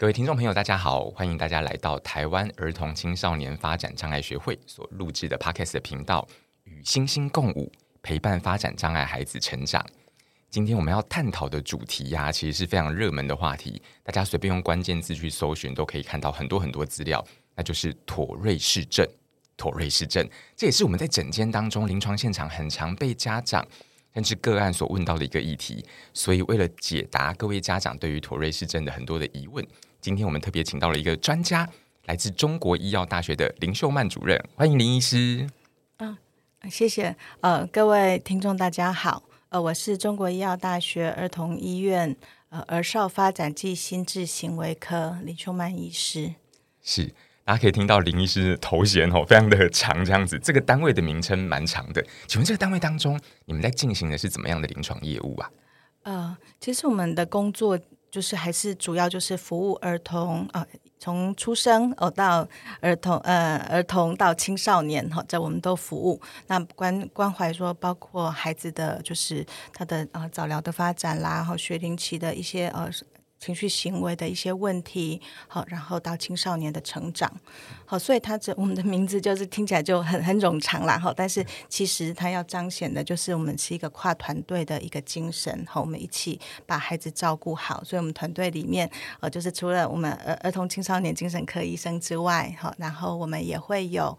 各位聽眾朋友，大家好，歡迎大家來到台灣兒童青少年發展障礙學會所錄制的 Podcast 的頻道《與星星共舞》，陪伴發展障礙孩子成長。今天我們要探討的主題呀、啊，其實是非常熱門的話題，大家隨便用關鍵字去搜尋，都可以看到很多很多資料，那就是妥瑞氏症。妥瑞氏症，這也是我們在診間當中臨床現場很常被家長甚至個案所問到的一個議題，所以為了解答各位家長對於妥瑞氏症的很多的疑問。今天我們特別請到了一個專家，來自中國醫藥大學的林秀縵主任，歡迎林醫師。嗯，謝謝。呃，各位聽眾大家好，呃，我是中國醫藥大學兒童醫院呃兒少發展暨心智行為科林秀縵醫師。是，大家可以聽到林醫師的頭銜吼、哦，非常的長，這樣子，這個單位的名稱蠻長的。請問這個單位當中，你們在進行的是怎麼樣的臨床業務啊？呃，其實我們的工作。就是還是主要就是服務兒童啊，從出生哦到兒童呃兒童到青少年哈，在、哦、我們都服務。那關關懷說包括孩子的就是他的啊、呃、早療的發展啦，和學齡期的一些呃。情緒行為的一些問題，好，然後到青少年的成長，好，所以他這我們的名字就是聽起來就很很冗長啦哈。但是其實他要彰顯的就是我們是一個跨團隊的一個精神，和我們一起把孩子照顧好。所以，我們團隊裡面，呃，就是除了我們兒兒童青少年精神科醫生之外，哈，然後我們也會有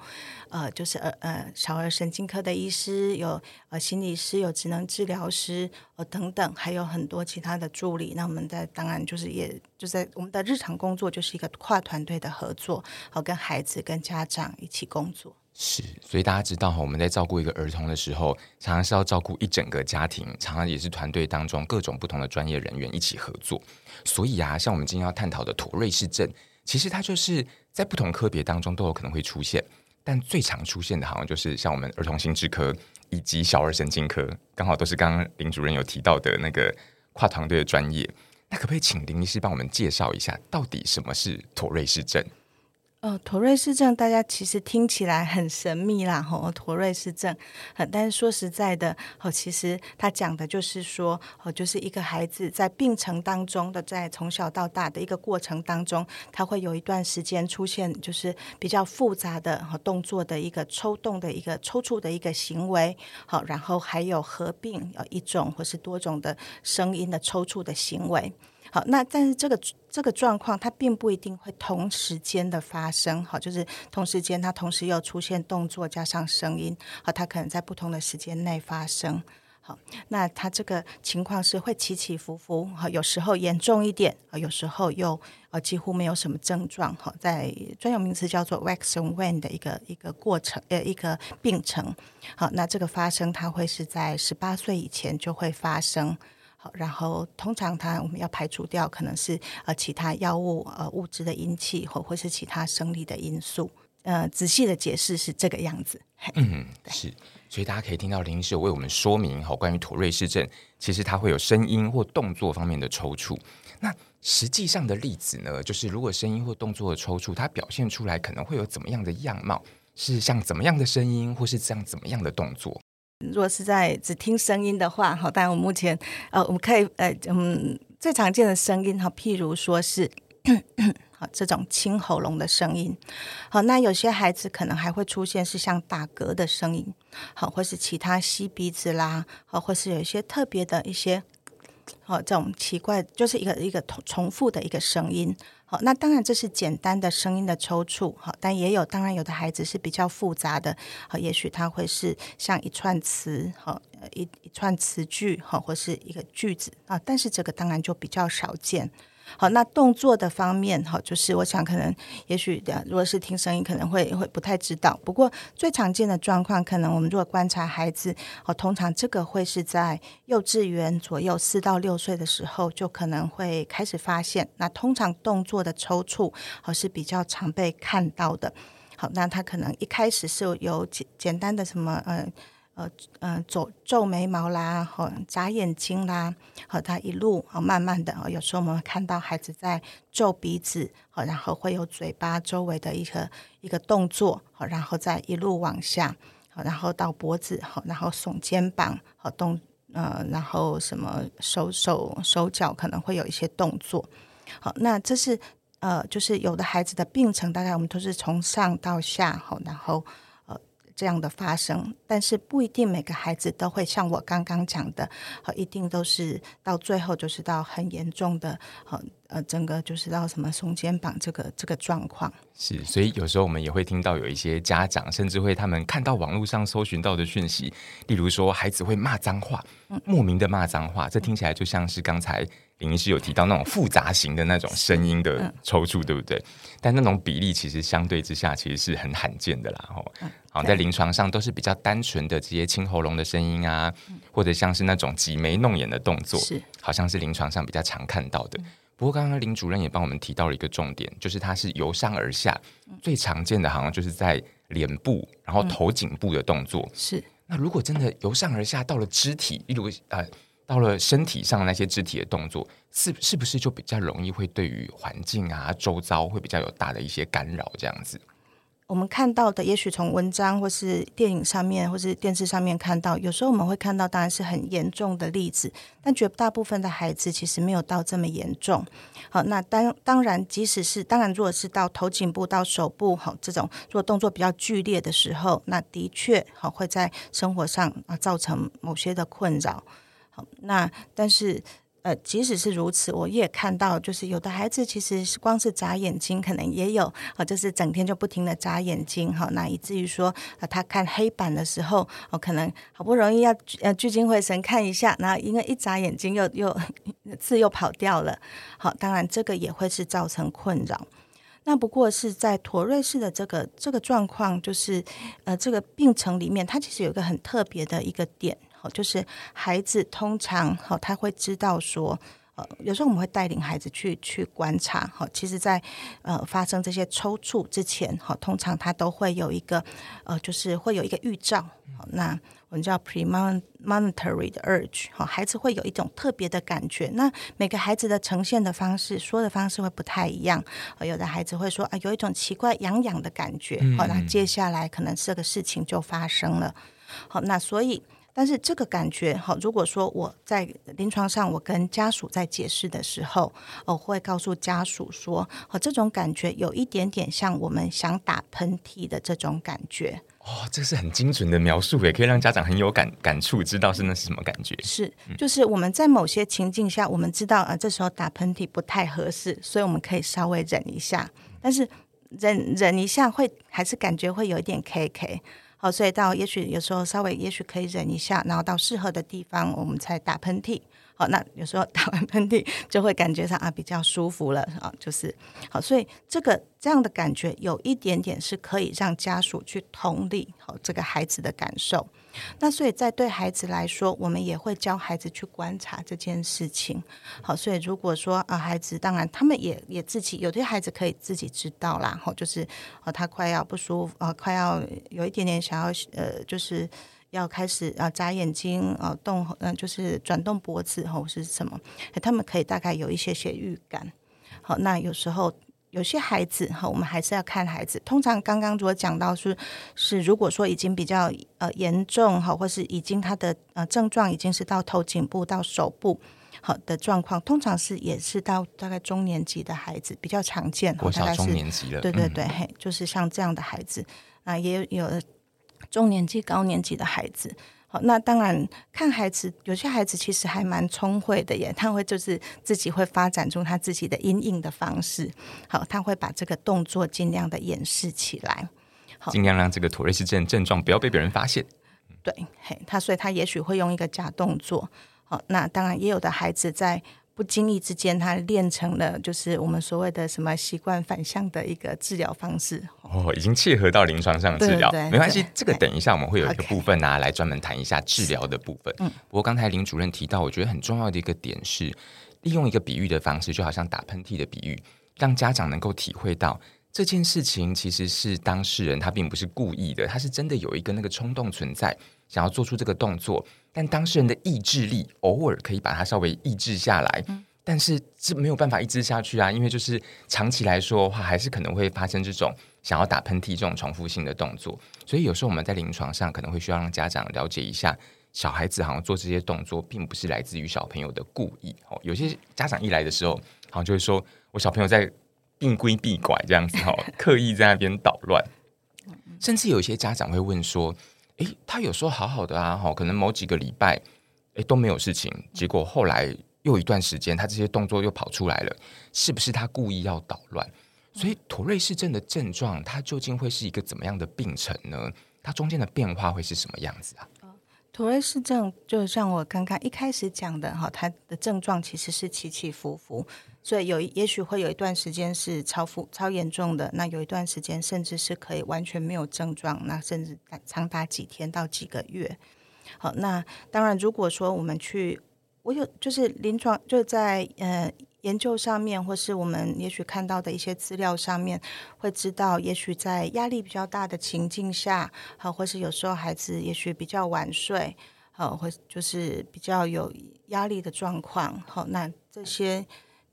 呃，就是呃呃，小兒神經科的醫師，有呃，心理師，有職能治療師，呃，等等，還有很多其他的助理。那我們在當然。就是也，也就在我們的日常工作，就是一個跨團隊的合作，好，跟孩子、跟家長一起工作。是，所以大家知道哈，我們在照顧一個兒童的時候，常常是要照顧一整個家庭，常常也是團隊當中各種不同的專業人員一起合作。所以啊，像我們今天要探討的妥瑞氏症，其實它就是在不同科別當中都有可能會出現，但最常出現的，好像就是像我們兒童心智科以及小兒神經科，剛好都是剛剛林主任有提到的那個跨團隊的專業。那可不可以請林醫師幫我們介紹一下，到底什麼是妥瑞氏症？哦，妥瑞氏症大家其實聽起來很神秘啦，吼、哦，妥瑞氏症，但是說實在的，哦，其實他講的就是說，哦，就是一個孩子在病程當中的，在從小到大的一個過程當中，他會有一段時間出現就是比較複雜的和、哦、動作的一個抽動的一個抽搐的一個行為，好、哦，然後還有合併有、哦、一種或是多種的聲音的抽搐的行為。好，那但是這個這個狀況，它並不一定會同時間的發生。好，就是同時間，它同時又出現動作加上聲音，好，它可能在不同的時間內發生。好，那它這個情況是會起起伏伏。好，有時候嚴重一點，啊，有時候又、呃、幾乎沒有什麼症狀。好，在專有名詞叫做 waxing and waning 的一個一個過程，呃，一個病程。好，那這個發生，它會是在十八歲以前就會發生。好，然後通常它我們要排除掉可能是呃其他藥物呃物質的引起，或或是其他生理的因素。呃，仔細的解釋是這個樣子。嗯對，是，所以大家可以聽到林醫師為我們說明，哈，關於妥瑞氏症，其實它會有聲音或動作方面的抽搐。那實際上的例子呢，就是如果聲音或動作的抽搐，它表現出來可能會有怎麼樣的樣貌？是像怎麼樣的聲音，或是像怎麼樣的動作？如果是在只聽聲音的話，好，當然我目前，呃，我們可以，呃，嗯，最常見的聲音，哈，譬如說是，咳咳，這種清喉嚨的聲音，好，那有些孩子可能還會出現是像打嗝的聲音，好，或是其他吸鼻子啦，好，或是有一些特別的一些，好，這種奇怪，就是一個一個重重複的一個聲音。好，那當然這是簡單的聲音的抽搐，好，但也有，當然有的孩子是比較複雜的，好，也許他會是像一串詞，好，一一串詞句，好，或是一個句子啊，但是這個當然就比較少見。好，那動作的方面，好，就是我想，可能也許，如果是聽聲音，可能會會不太知道。不過最常見的狀況，可能我們如果觀察孩子，哦，通常這個會是在幼稚園左右四到六歲的時候，就可能會開始發現。那通常動作的抽搐，好，是比較常被看到的。好，那他可能一開始是有簡簡單的什麼，嗯、呃。呃嗯，皺皺眉毛啦，和、哦、眨眼睛啦，和、哦、他一路、哦、慢慢的、哦、有時候我們看到孩子在皺鼻子，哦、然後會有嘴巴周圍的一個一個動作、哦，然後再一路往下，哦、然後到脖子、哦，然後聳肩膀，好、哦、動，呃，然後什麼手手手腳可能會有一些動作，好、哦，那這是呃，就是有的孩子的病程大概我們都是從上到下，哦、然後。這樣的發生，但是不一定每個孩子都會像我剛剛講的，和一定都是到最後就是到很嚴重的呃，整個就是到什麼鬆肩膀這個這個狀況是，所以有時候我們也會聽到有一些家長甚至會他們看到網絡上搜尋到的訊息，例如說孩子會罵髒話，嗯、莫名的罵髒話、嗯，這聽起來就像是剛才林醫師有提到那種複雜型的那種聲音的抽搐、嗯，對不對？但那種比例其實相對之下其實是很罕見的啦，哦、嗯，好，在臨床上都是比較單純的這些清喉嚨的聲音啊，嗯、或者像是那種擠眉弄眼的動作，是，好像是臨床上比較常看到的。嗯不過，剛剛林主任也幫我們提到了一個重點，就是它是由上而下，最常見的好像就是在臉部，然後頭頸部的動作。嗯、是。那如果真的由上而下到了肢體，例如呃，到了身體上那些肢體的動作，是是不是就比較容易會對於環境啊周遭，會比較有大的一些干擾這樣子？我們看到的也許，從文章或是電影上面，或是電視上面看到，有時候我們會看到，當然是很嚴重的例子，但絕大部分的孩子其實沒有到這麼嚴重。好，那當當然，即使是當然，如果是到頭頸部到手部，好這種如果動作比較劇烈的時候，那的確好會在生活上啊造成某些的困擾。好，那但是。呃，即使是如此，我也看到，就是有的孩子其實是光是眨眼睛，可能也有，啊、呃，就是整天就不停的眨眼睛，哈、哦，那以至於說，啊、呃，他看黑板的時候，哦，可能好不容易要聚呃聚精會神看一下，那因為一眨眼睛又又字又、呃、又跑掉了，好、哦，當然這個也會是造成困擾。那不過是在妥瑞氏的這個這個狀況，就是呃，這個病程裡面，它其實有一個很特別的一個點。就是孩子通常好，他會知道說，有時候我們會帶領孩子去去觀察，其實在呃發生這些抽搐之前，通常他都會有一個呃，就是會有一個預兆，好，那我們叫 premonitory 的 urge，好，孩子會有一種特別的感覺，那每個孩子的呈現的方式，說的方式會不太一樣，有的孩子會說啊，有一種奇怪癢癢的感覺，好，那接下來可能這個事情就發生了，好，那所以。但是這個感覺好，如果說我在臨床上我跟家屬在解釋的時候，我會告訴家屬說，好，這種感覺有一點點像我們想打噴嚏的這種感覺。哦，這是很精準的描述，也可以讓家長很有感感觸，知道是那是什麼感覺。是，就是我們在某些情境下，嗯、我們知道啊，這時候打噴嚏不太合適，所以我們可以稍微忍一下。但是忍忍一下會，會還是感覺會有一點 KK。好，所以到也許有時候稍微，也許可以忍一下，然後到適合的地方，我們才打噴嚏。好，那有時候打完噴嚏就會感覺上啊比較舒服了啊，就是好，所以這個這樣的感覺有一點點是可以讓家屬去同理好這個孩子的感受。那所以在對孩子來說，我們也會教孩子去觀察這件事情。好，所以如果說啊，孩子當然他們也也自己有些孩子可以自己知道啦，好，就是啊他快要不舒服啊，快要有一點點想要呃，就是。要開始啊、呃，眨眼睛啊、呃，動嗯、呃，就是轉動脖子吼、哦，是什麼？他們可以大概有一些些預感。好、哦，那有時候有些孩子哈、哦，我們還是要看孩子。通常剛剛如果講到是是，是如果說已經比較呃嚴重哈、哦，或是已經他的呃症狀已經是到頭頸部到手部好、哦、的狀況，通常是也是到大概中年級的孩子比較常見。哦、我上中年級了，大概是對對對、嗯，就是像這樣的孩子啊、呃，也有。中年級、高年級的孩子，好，那當然看孩子，有些孩子其實還蠻聰慧的耶，他會就是自己會發展出他自己的因應的方式，好，他會把這個動作盡量的掩飾起來，好，盡量讓這個妥瑞氏症症狀不要被別人發現，對，嘿，他所以他也許會用一個假動作，好，那當然也有的孩子在。不經意之間，他練成了，就是我們所謂的什麼習慣反向的一個治療方式。哦，已經契合到臨床上治療，對，對，對，沒關係。這個等一下我們會有一個部分拿、啊 okay. 來專門談一下治療的部分。嗯，不過剛才林主任提到，我覺得很重要的一個點是，利用一個比喻的方式，就好像打噴嚏的比喻，讓家長能夠體會到這件事情其實是當事人他並不是故意的，他是真的有一個那個衝動存在，想要做出這個動作，但當事人的意志力偶爾可以把它稍微抑制下來，嗯、但是這沒有辦法抑制下去啊！因為就是長期來說的話，還是可能會發生這種想要打噴嚏這種重複性的動作。所以有時候我們在臨床上可能會需要讓家長了解一下，小孩子好像做這些動作，並不是來自於小朋友的故意哦。有些家長一來的時候，好像就會說我小朋友在病歸病拐這樣子哦，刻意在那邊搗亂， 甚至有些家長會問說。哎，他有時候好好的啊，可能某幾個禮拜，哎，都沒有事情，結果後來又一段時間，他這些動作又跑出來了，是不是他故意要搗亂？所以，妥瑞氏症的症狀，它究竟會是一個怎麼樣的病程呢？它中間的變化會是什麼樣子啊？妥瑞氏症就像我剛剛一開始講的哈，它的症狀其實是起起伏伏。所以有，也許會有一段時間是超負、超嚴重的。那有一段時間，甚至是可以完全沒有症狀。那甚至長達幾天到幾個月。好，那當然，如果說我們去，我有就是臨床就在呃研究上面，或是我們也許看到的一些資料上面，會知道，也許在壓力比較大的情境下，好，或是有時候孩子也許比較晚睡，好，或就是比較有壓力的狀況。好，那這些。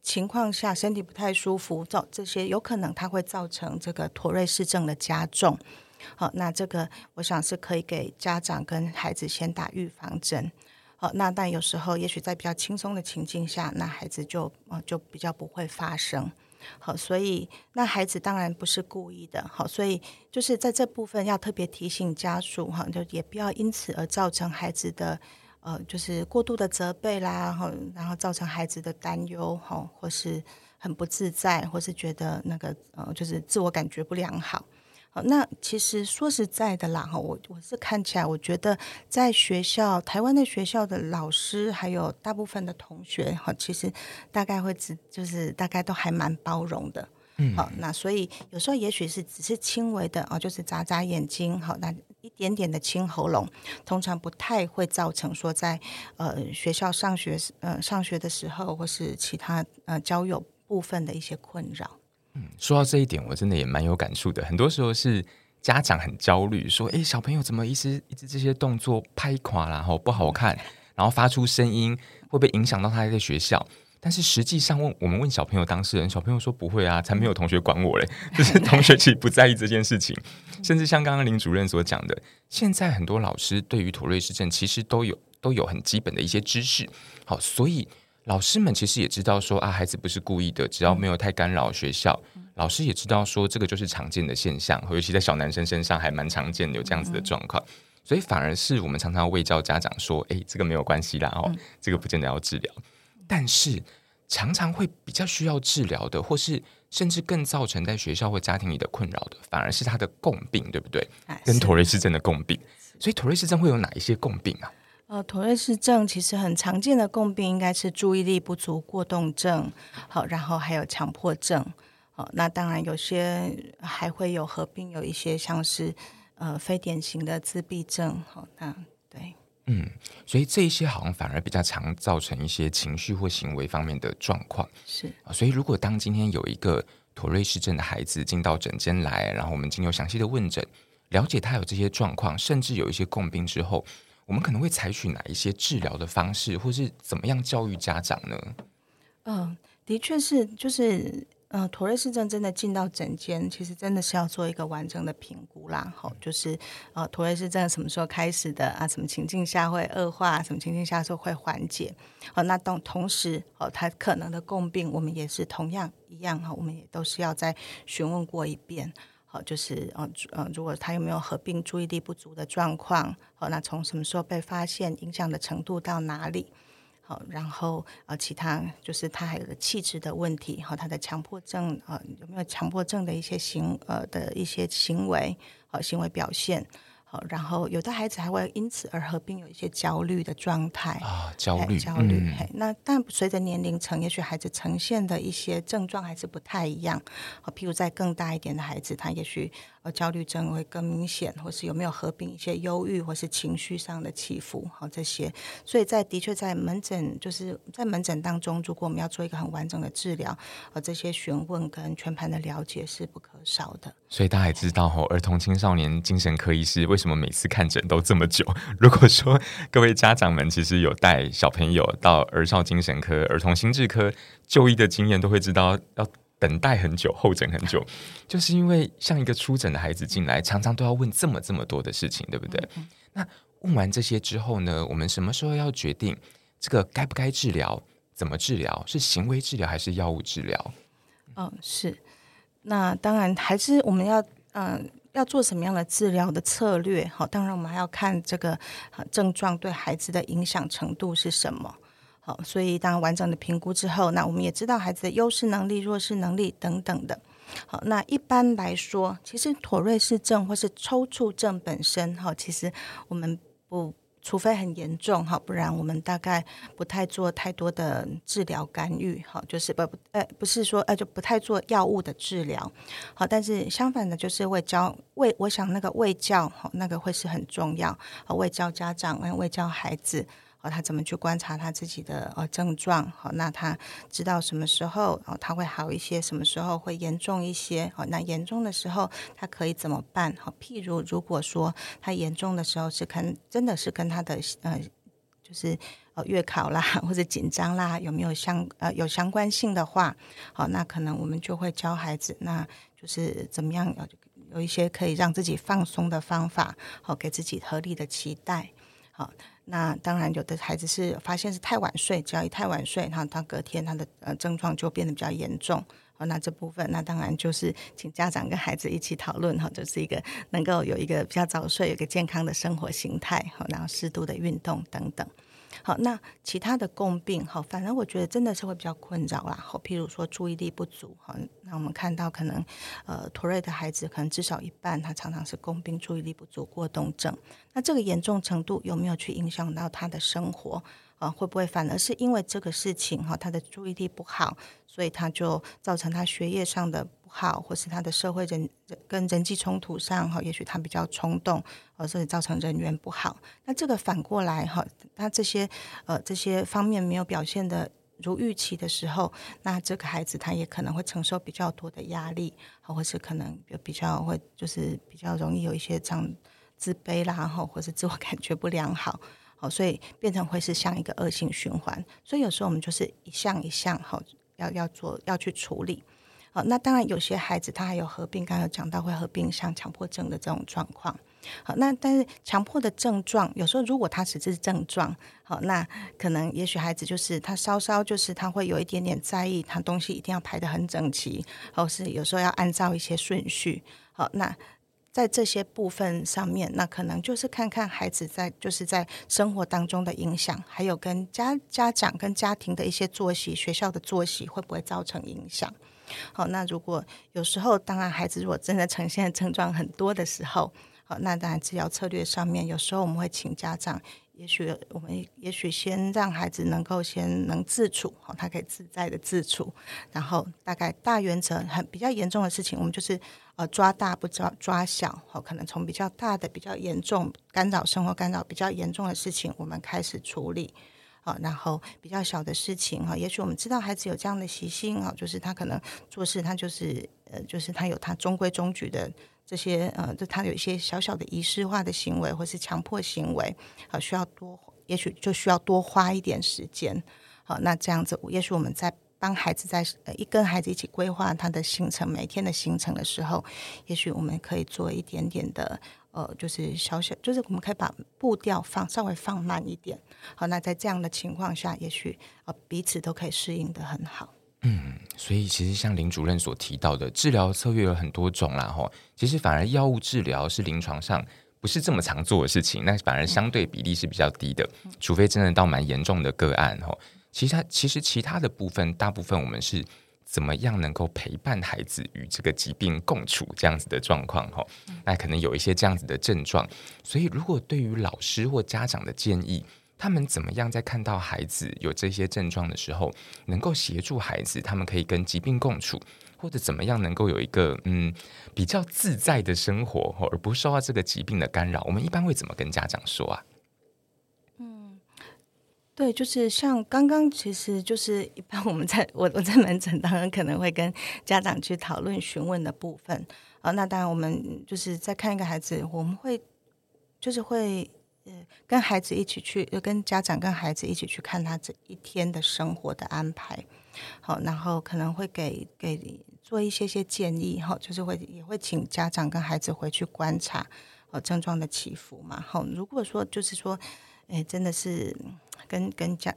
情況下身體不太舒服，這這些有可能它會造成這個妥瑞氏症的加重。好，那這個我想是可以給家長跟孩子先打預防針。好，那但有時候也許在比較輕鬆的情境下，那孩子就嗯就比較不會發生。好，所以那孩子當然不是故意的。好，所以就是在這部分要特別提醒家屬哈，就也不要因此而造成孩子的。呃，就是過度的責備啦，然後然後造成孩子的擔憂，吼，或是很不自在，或是覺得那個呃，就是自我感覺不良好。好，那其實說實在的啦，吼，我我是看起來，我覺得在學校台灣的學校的老師還有大部分的同學，吼，其實大概會只就是大概都還蠻包容的，嗯，好，那所以有時候也許是只是輕微的，就是眨眨眼睛，好，那，一點點的清喉嚨，通常不太會造成說在呃學校上學呃上學的時候，或是其他呃交友部分的一些困擾。嗯，說到這一點，我真的也蠻有感觸的。很多時候是家長很焦慮，說：“誒，小朋友怎麼一直一直這些動作拍垮然後不好看，然後發出聲音，會不會影響到他在學校？”但是實際上問，問我們問小朋友當事人，小朋友說不會啊，才沒有同學管我嘞，就是同學其實不在意這件事情。 甚至像剛剛林主任所講的，現在很多老師對於妥瑞氏症其實都有都有很基本的一些知識。好，所以老師們其實也知道說啊，孩子不是故意的，只要沒有太干擾學校，老師也知道說這個就是常見的現象，尤其在小男生身上還蠻常見的有這樣子的狀況。所以反而是我們常常會教家長說，誒，這個沒有關係啦，哦，這個不見得要治療。但是常常會比較需要治療的，或是甚至更造成在學校或家庭裡的困擾的，反而是他的共病，對不對？哎、跟妥瑞氏症的共病，所以妥瑞氏症會有哪一些共病啊？呃，妥瑞氏症其實很常見的共病應該是注意力不足過動症，好，然後還有強迫症，好，那當然有些還會有合併有一些像是呃非典型的自閉症，好，那對。嗯，所以這一些好像反而比較常造成一些情緒或行為方面的狀況。是啊，所以如果當今天有一個妥瑞氏症的孩子進到診間來，然後我們經由詳細的問診，了解他有這些狀況，甚至有一些共病之後，我們可能會採取哪一些治療的方式，或是怎麼樣教育家長呢？嗯、呃，的確是，就是。嗯、呃，妥瑞氏症真的進到診間，其實真的是要做一個完整的評估啦。好、哦，就是呃，妥瑞氏症什麼時候開始的啊？什麼情境下會惡化？什麼情境下說會緩解？好、哦，那同同時，哦，他可能的共病，我們也是同樣一樣哈、哦，我們也都是要再詢問過一遍。好、哦，就是嗯嗯、呃，如果他有沒有合併注意力不足的狀況？好、哦，那從什麼時候被發現？影響的程度到哪裡？好，然後呃，其他就是他還有個氣質的問題，和他的強迫症，有沒有強迫症的一些行呃的一些行為和行為表現？好，然後有的孩子還會因此而合併有一些焦慮的狀態啊，焦慮焦慮。那、嗯、但隨着年齡層，也許孩子呈現的一些症狀還是不太一樣。好，譬如在更大一點的孩子，他也許。焦慮症會更明顯，或是有沒有合併一些憂鬱，或是情緒上的起伏，好這些。所以在的確在門診，就是在門診當中，如果我們要做一個很完整的治療，而這些詢問跟全盤的了解是不可少的。所以大家也知道，吼、哦，兒童青少年精神科醫師為什麼每次看診都這麼久？如果說各位家長們其實有帶小朋友到兒少精神科、兒童心智科就醫的經驗，都會知道要。等待很久，候診很久， 就是因為像一個初診的孩子進來，常常都要問這麼這麼多的事情，對不對？Okay. 那問完這些之後呢，我們什麼時候要決定這個該不該治療？怎麼治療？是行為治療還是藥物治療？嗯、呃，是。那當然還是我們要嗯、呃、要做什麼樣的治療的策略？好，當然我們還要看這個症狀對孩子的影響程度是什麼。好，所以當完整的評估之後，那我們也知道孩子的優勢能力、弱勢能力等等的。好，那一般來說，其實妥瑞氏症或是抽搐症本身，哈，其實我們不，除非很嚴重，哈，不然我們大概不太做太多的治療干預，哈，就是不，呃，不是說，呃，就不太做藥物的治療，好，但是相反的，就是衛教，衛我想那個衛教，哈，那個會是很重要，啊，衛教家長，衛教，呃，衛教孩子。哦，他怎麼去觀察他自己的呃症狀？好、哦，那他知道什麼時候哦他會好一些，什麼時候會嚴重一些？哦，那嚴重的時候他可以怎麼辦？好、哦，譬如如果說他嚴重的時候是跟真的是跟他的呃，就是呃月考啦或者緊張啦有沒有相呃有相關性的話，好、哦，那可能我們就會教孩子，那就是怎麼樣有，有一些可以讓自己放鬆的方法，好、哦，給自己合理的期待，好、哦。那當然，有的孩子是發現是太晚睡，只要一太晚睡，哈，他隔天他的呃症狀就變得比較嚴重。好，那這部分，那當然就是請家長跟孩子一起討論，哈，就是一個能夠有一個比較早睡，有一個健康的生活形態，哈，然後適度的運動等等。好，那其他的共病好，反而我覺得真的是會比較困擾啦。好，譬如說注意力不足哈，那我們看到可能，呃，妥瑞的孩子可能至少一半，他常常是共病注意力不足過動症。那這個嚴重程度有沒有去影響到他的生活啊？會不會反而是因為這個事情哈，他的注意力不好，所以他就造成他學業上的。不好，或是他的社會人人跟人際衝突上哈，也許他比較衝動，而所以造成人緣不好。那這個反過來哈，他這些呃這些方面沒有表現得如預期的時候，那這個孩子他也可能會承受比較多的壓力，好，或是可能有比較會就是比較容易有一些這樣自卑啦，哈，或是自我感覺不良好，所以變成會是像一個惡性循環。所以有時候我們就是一項一項要要做要去處理。好、哦，那當然有些孩子他還有合併，剛才有講到會合併像強迫症的這種狀況。好、哦，那但是強迫的症狀，有時候如果他只是症狀，好、哦，那可能也許孩子就是他稍稍就是他會有一點點在意，他東西一定要排得很整齊，或、哦、是有時候要按照一些順序。好、哦，那在這些部分上面，那可能就是看看孩子在就是在生活當中的影響，還有跟家家長跟家庭的一些作息、學校的作息會不會造成影響。好，那如果有時候，當然孩子如果真的呈現症狀很多的時候，好，那當然治療策略上面，有時候我們會請家長，也許我們也許先讓孩子能夠先能自處，好，他可以自在地自處，然後大概大原則很比較嚴重的事情，我們就是呃抓大不抓抓小，好，可能從比較大的、比較嚴重干擾生活、干擾比較嚴重的事情，我們開始處理。啊，然後比較小的事情哈，也許我們知道孩子有這樣的習性啊，就是他可能做事他就是呃，就是他有他中規中矩的這些呃，就他有一些小小的儀式化的行為或是強迫行為啊，需要多，也許就需要多花一點時間。好，那這樣子，也許我們在幫孩子在一跟孩子一起規劃他的行程，每天的行程的時候，也許我們可以做一點點的。呃，就是小小，就是我們可以把步調放稍微放慢一點。好，那在這樣的情況下，也許呃彼此都可以適應得很好。嗯，所以其實像林主任所提到的，治療策略有很多種啦，哈、哦。其實反而藥物治療是臨床上不是這麼常做的事情，那反而相對比例是比較低的、嗯，除非真的到蠻嚴重的個案，哈、哦。其實，其實其他的部分，大部分我們是。怎麼樣能夠陪伴孩子與這個疾病共處這樣子的狀況哈、哦？那可能有一些這樣子的症狀，所以如果對於老師或家長的建議，他們怎麼樣在看到孩子有這些症狀的時候，能夠協助孩子，他們可以跟疾病共處，或者怎麼樣能夠有一個嗯比較自在的生活，而不受到這個疾病的干擾，我們一般會怎麼跟家長說啊？對，就是像剛剛，其實就是一般我們在我我在門診當然可能會跟家長去討論、詢問的部分啊。那當然，我們就是在看一個孩子，我們會就是會呃跟孩子一起去，跟家長跟孩子一起去看他這一天的生活的安排。好，然後可能會給給你做一些些建議哈，就是會也會請家長跟孩子回去觀察哦，症狀的起伏嘛。好，如果說就是說。誒、欸，真的是跟跟家，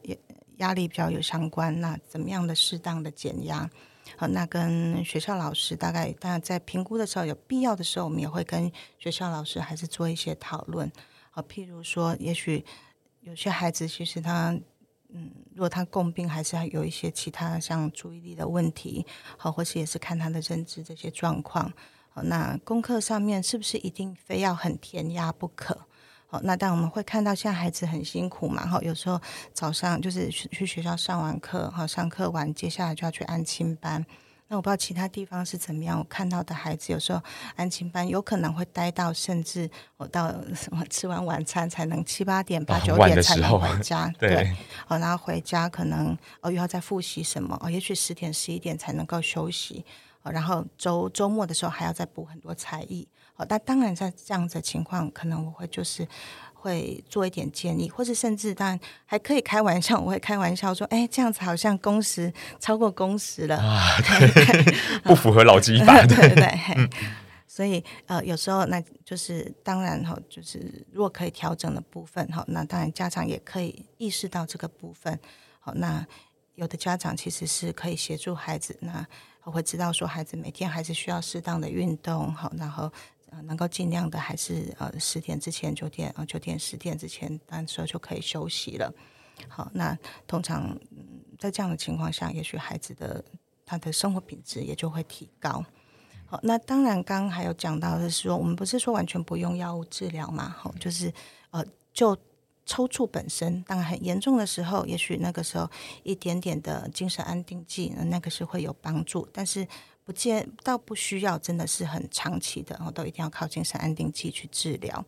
壓力比較有相關。那怎麼樣的適當的減壓？好，那跟學校老師大概，當然在評估的時候，有必要的時候，我們也會跟學校老師還是做一些討論。好，譬如說，也許有些孩子其實他，嗯，如果他共病，還是有一些其他像注意力的問題，好，或是也是看他的認知這些狀況。好，那功課上面是不是一定非要很填壓不可？哦，那但我們會看到現在孩子很辛苦嘛，哈，有時候早上就是去去學校上完課，哈，上課完接下來就要去安親班。那我不知道其他地方是怎麼樣？我看到的孩子有時候安親班有可能會待到甚至我到什麼吃完晚餐才能七八點八九點才能回家，啊、對，對。然後回家可能哦又要再複習什麼哦，也許十點十一點才能夠休息。哦，然後周，周末的時候還要再補很多才藝。但、哦、當然，在這樣子的情況，可能我會就是會做一點建議，或者甚至當然還可以開玩笑，我會開玩笑說：“哎、欸，這樣子好像工時超過工時了，啊 哦、 不符合勞基法，對對 對。對” 所以呃，有時候那就是當然哈、哦，就是如果可以調整的部分哈、哦，那當然家長也可以意識到這個部分。好、哦，那有的家長其實是可以協助孩子，那我會知道說孩子每天還是需要適當的運動，好、哦，然後。能夠盡量的還是呃，十點之前，九點，九點，十點之前，那、呃、時候就可以休息了。好，那通常在這樣的情況下，也許孩子的他的生活品質也就會提高。好，那當然剛剛還有講到的是說，我們不是說完全不用藥物治療嘛？哦，就是呃，就抽搐本身，當然很嚴重的時候，也許那個時候一點點的精神安定劑，那個是會有幫助，但是。不見，倒不需要，真的是很長期的，然後都一定要靠精神安定劑去治療。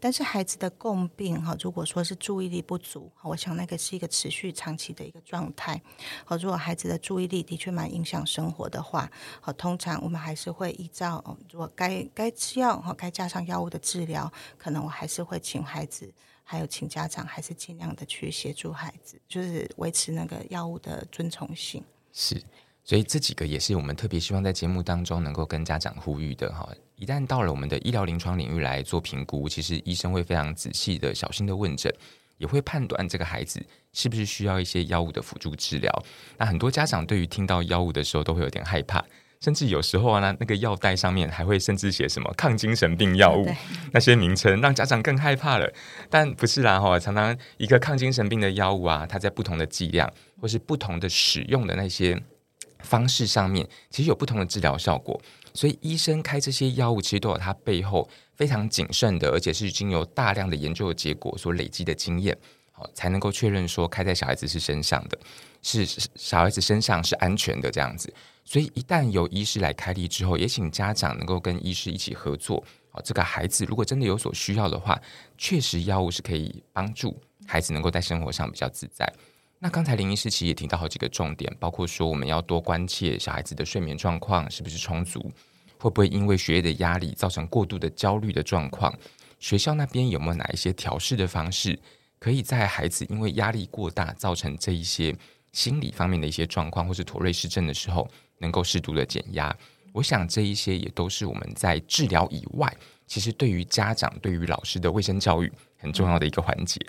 但是孩子的共病，哈，如果說是注意力不足，我想那個是一個持續長期的一個狀態。哈，如果孩子的注意力的確蠻影響生活的話，好，通常我們還是會依照如果該該吃藥，哈，該加上藥物的治療，可能我還是會請孩子，還有請家長，還是儘量的去協助孩子，就是維持那個藥物的遵從性。是。所以這幾個也是我們特別希望在節目當中能夠跟家長呼籲的哈。一旦到了我們的醫療臨床領域來做評估，其實醫生會非常仔細的、小心的問診，也會判斷這個孩子是不是需要一些藥物的輔助治療。那很多家長對於聽到藥物的時候都會有點害怕，甚至有時候呢、啊，那那個藥袋上面還會甚至寫什麼抗精神病藥物、嗯、那些名稱，讓家長更害怕了。但不是啦哈，常常一個抗精神病的藥物啊，它在不同的劑量或是不同的使用的那些。方式上面其實有不同的治療效果，所以醫生開這些藥物其實都有它背後非常謹慎的，而且是經由大量的研究的結果所累積的經驗，好才能夠確認說開在小孩子是身上的，是小孩子身上是安全的這樣子。所以一旦由醫師來開立之後，也請家長能夠跟醫師一起合作。好，這個孩子如果真的有所需要的話，確實藥物是可以幫助孩子能夠在生活上比較自在。那剛才林醫師其實也提到好幾個重點，包括說我們要多關切小孩子的睡眠狀況是不是充足，會不會因為學業的壓力造成過度的焦慮的狀況。學校那邊有沒有哪一些調適的方式，可以在孩子因為壓力過大造成這一些心理方面的一些狀況，或是妥瑞氏症的時候，能夠適度的減壓？我想這一些也都是我們在治療以外，其實對於家長、對於老師的衛生教育很重要的一個環節。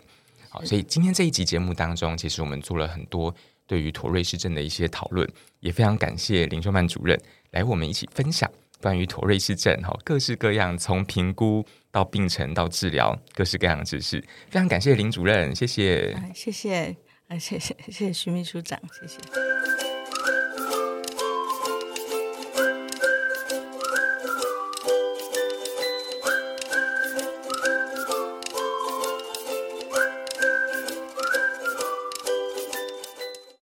好，所以今天這一集節目當中，其實我們做了很多對於妥瑞氏症的一些討論，也非常感謝林秀縵主任來我們一起分享關於妥瑞氏症好，各式各樣從評估到病程到治療各式各樣的知識，非常感謝林主任，謝謝，謝謝，啊謝謝謝謝徐秘書長，謝謝。